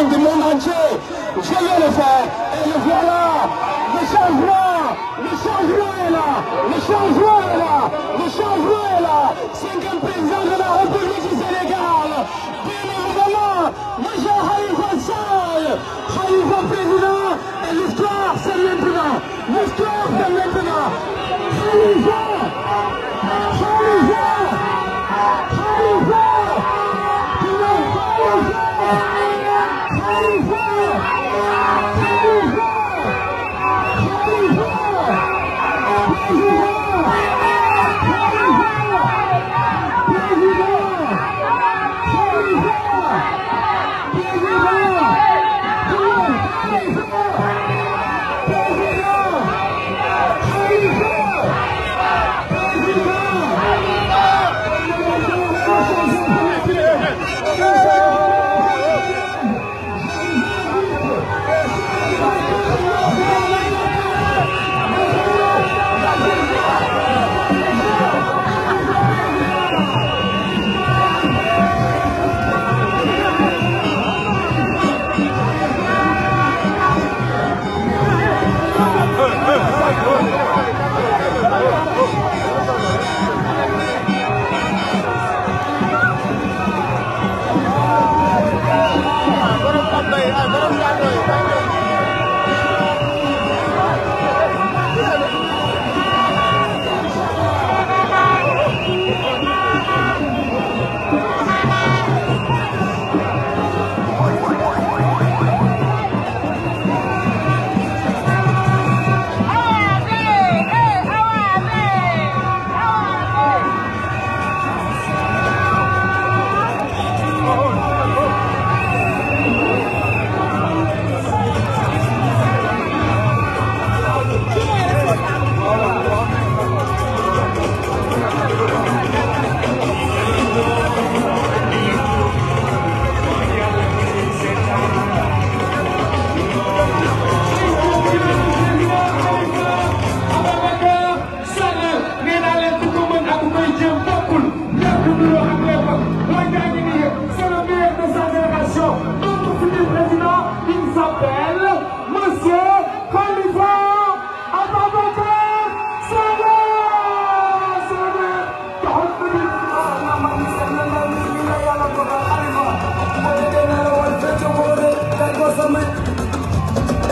campagne du monde entier. Je vais le faire et le voilà. Le changement, le changement est là, le changement est là, le changement est là. Cinquième président de la République du Sénégal. Bien évidemment, Major Khalifa Sall, Khalifa président et l'histoire c'est maintenant. L'histoire c'est maintenant. Khalifa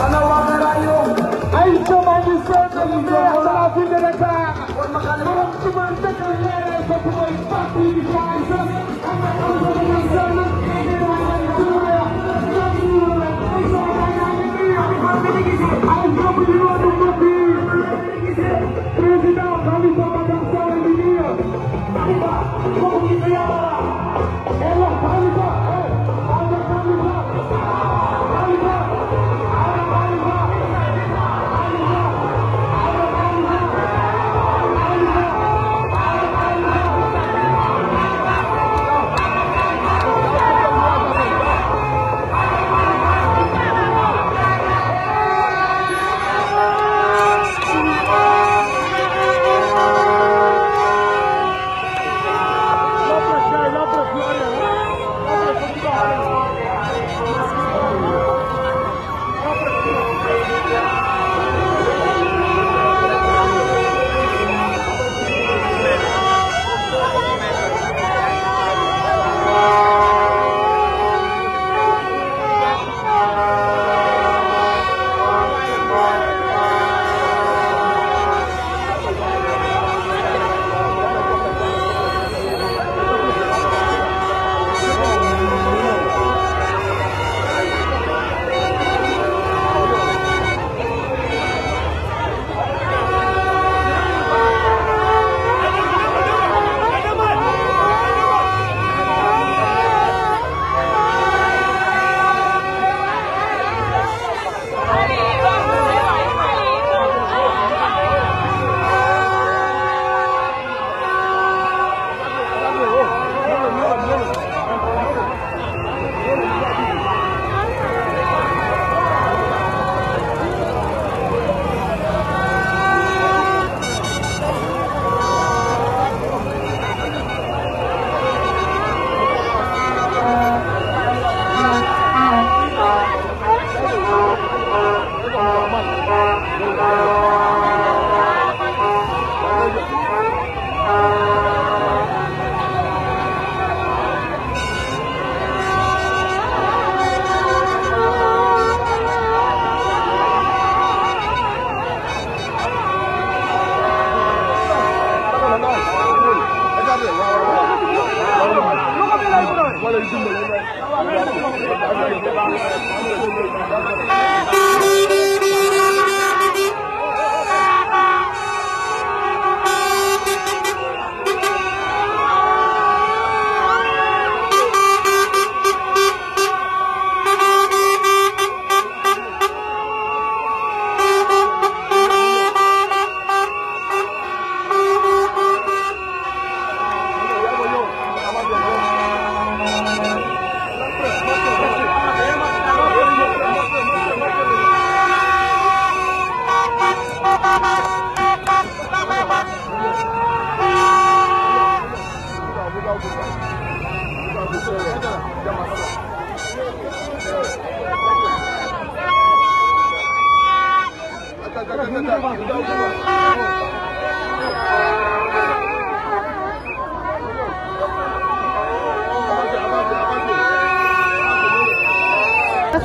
I know I'm not I am. I ain't somebody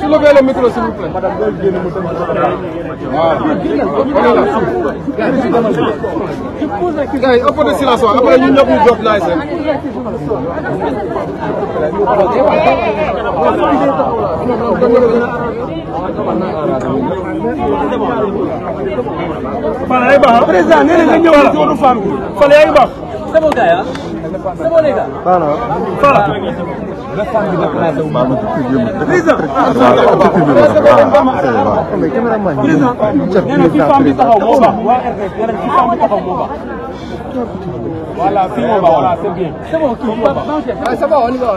si levez le micro s'il vous plaît. waaw. gars yi ëpp de silence waaw après ñun ñëpp ñu jot naay seen. Fane ay baax président nee na nga Fala. Fala. Lisa. انا في فام بتاعه موبا انا في فام بتاعه موبا ولا في موبا ولا سبين سبوا كي موبا سبوا ولا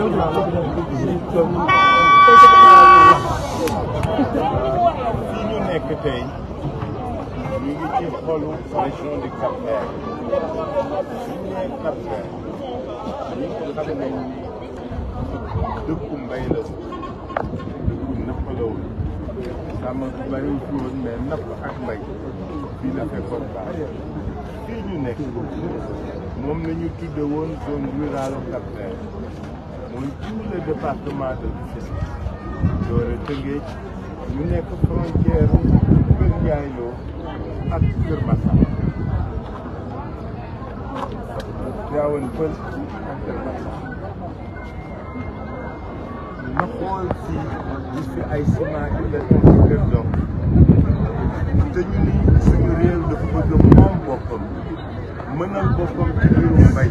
ولا Fala. fii ñu nekk tey ñu ngi ci xolu région de cap moom la ñu tudde woon zone rurale mooy tout le département de Rufisque doore Tëngéej ñu nekk frontière Kër Ndiaye ak Kër Massa Tivaouane Pël xool si gis fi ay ciment université Kër Dom te ñu ni suñu réew dafa bëgg moom boppam mënal boppam ci biiru mbay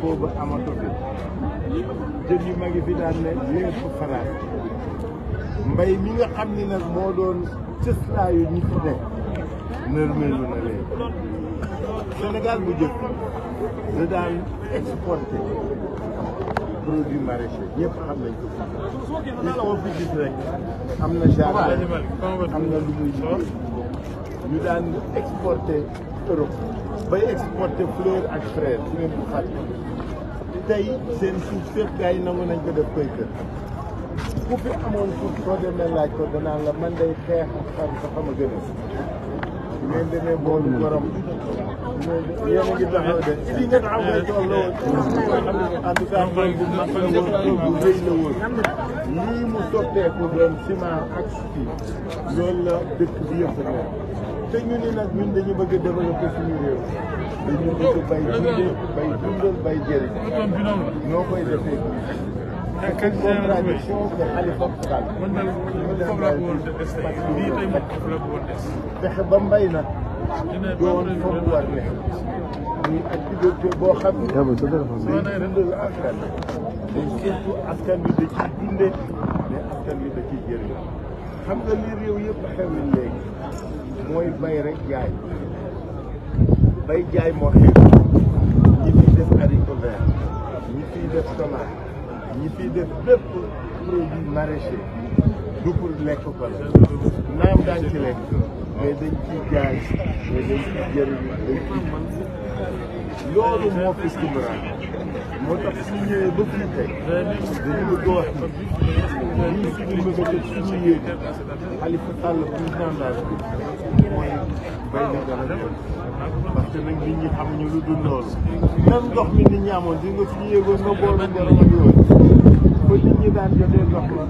boobu amatul jën yu mag yi fi daan ne lépp faraat mbay mi nga xam ni nag moo doon cëslaayu ñi fi nekk nërmeelu na leen Sénégal bu jëkk da daan exporté produit maraîcher ñëpp xam nañ ko fi koo fi gis rek am na liggéey ñu daan exporté Europe bay exporté fleur ak fraise su ngeen bu fàtte tey seen nañ ko def koy kër ku fi amoon suuf soo demee laaj ko la man day xeex a gën a ngeen demee boolu borom de li la woon en tout cas tool bu la woon tool bu la woon lii mu sotteeku doon ciment ak suuf loolu la dëkk bi yëpp te ñu ni nag ñun dañu bëgg développé suñu réew dañu bëgg bay dundal bay dundal bay jëriñ noo koy defee c'est une contradiction que Khalifa Sall fexe ba mbay nag doon fa mu war ne muy activité boo xam ne day dundal askan bi surtout askan bi da ciy dunde mais askan bi da ciy jëriñ xam nga li réew yëpp xewwi léegi mooy bay rekk jaay bay jaay moo xew ñi fiy def haricot vert ñi fiy def tomate ñi fiy def bépp produit maraîcher du pour lekk ko la naam daan ci lekk mais dañ ciy jaay mais dañ ciy jëriñu dañ loolu moo fi sukkuraan moo tax suñu ñëwee ba fii tey dañu bëgg a wax ni parce que nag nit ñi xamuñu lu dul loolu. ndox mi nit ñi amoon di nga fi yéegoon nga boolu borom yooyu ba nit ñi daan jotee ndox la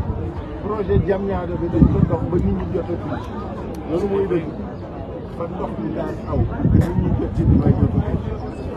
projet Diamniadio bi dañ ko ndox ba nit ñi jotee tuuti loolu mooy dëgg ba ndox mi daan aw te jot ci li may jot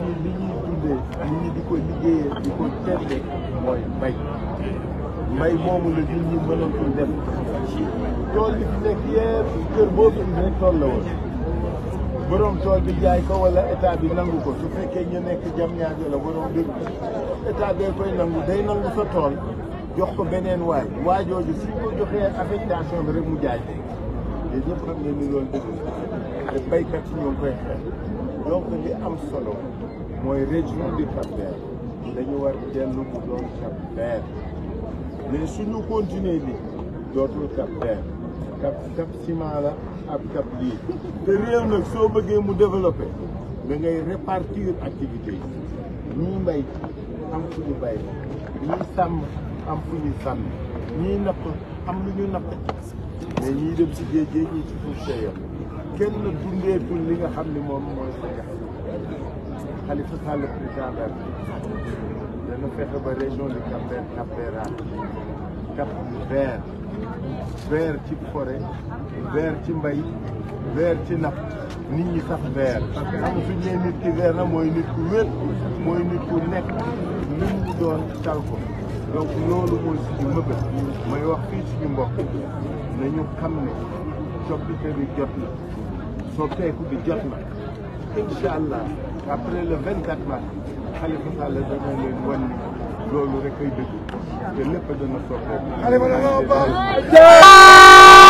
fii li ñuy dundee nit ñi di ko liggéeyee di ko tedde mooy mbay mbay moomu la nit ñi mënatul dem tool yi fi nekk yëpp kër boo fi rek tool la woon borom tool bi jaay ko wala état bi nangu ko su fekkee ñu nekk jam ñaajo la borom bi état bee koy nangu day nangu sa tool jox ko beneen waay waajooju si ko joxee affectation bi rek mu jaay deuxième problème la ñu doon def béykat yi ñoo koy xeex donc li am solo mooy région de Cap-Vert dañu war dellu mu doon Cap-Vert mais suñu continuer li dootul Cap-Vert Cap Cap ciment la ak Cap lii te réew nag soo bëggee mu développé da ngay répartir activité yi ñii mbay am fu ñu bay ñii sàmm am fu ñu sàmm ñii napp am lu ñu napp mais ñiy dem si géej géej ñi ci fourché yam kenn dundeetul li nga xam ni moom mooy Sénégal Khalifa Sall président la dana fexe ba région de Cap-Vert Cap-Vert Cap-Vert vert ci forêt vert ci mbay vert ci napp nit ñi sax vert parce que nit ki vert na mooy nit ku wér mooy nit ku nekk lu mu doon tal ko loolu mooy suñu mëbët mooy wax fii suñu mbokk nañu xam ne coppite bi jot na soppeeku bi jot na incha allah après le 24 mars Khalifa Sall dana leen wan ni loolu rek ay dëgg te lépp dana soppeeku.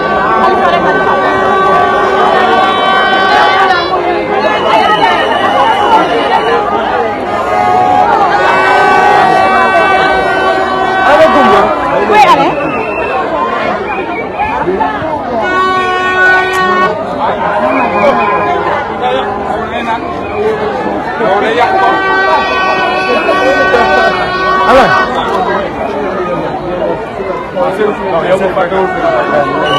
Não, eu vou pagar o.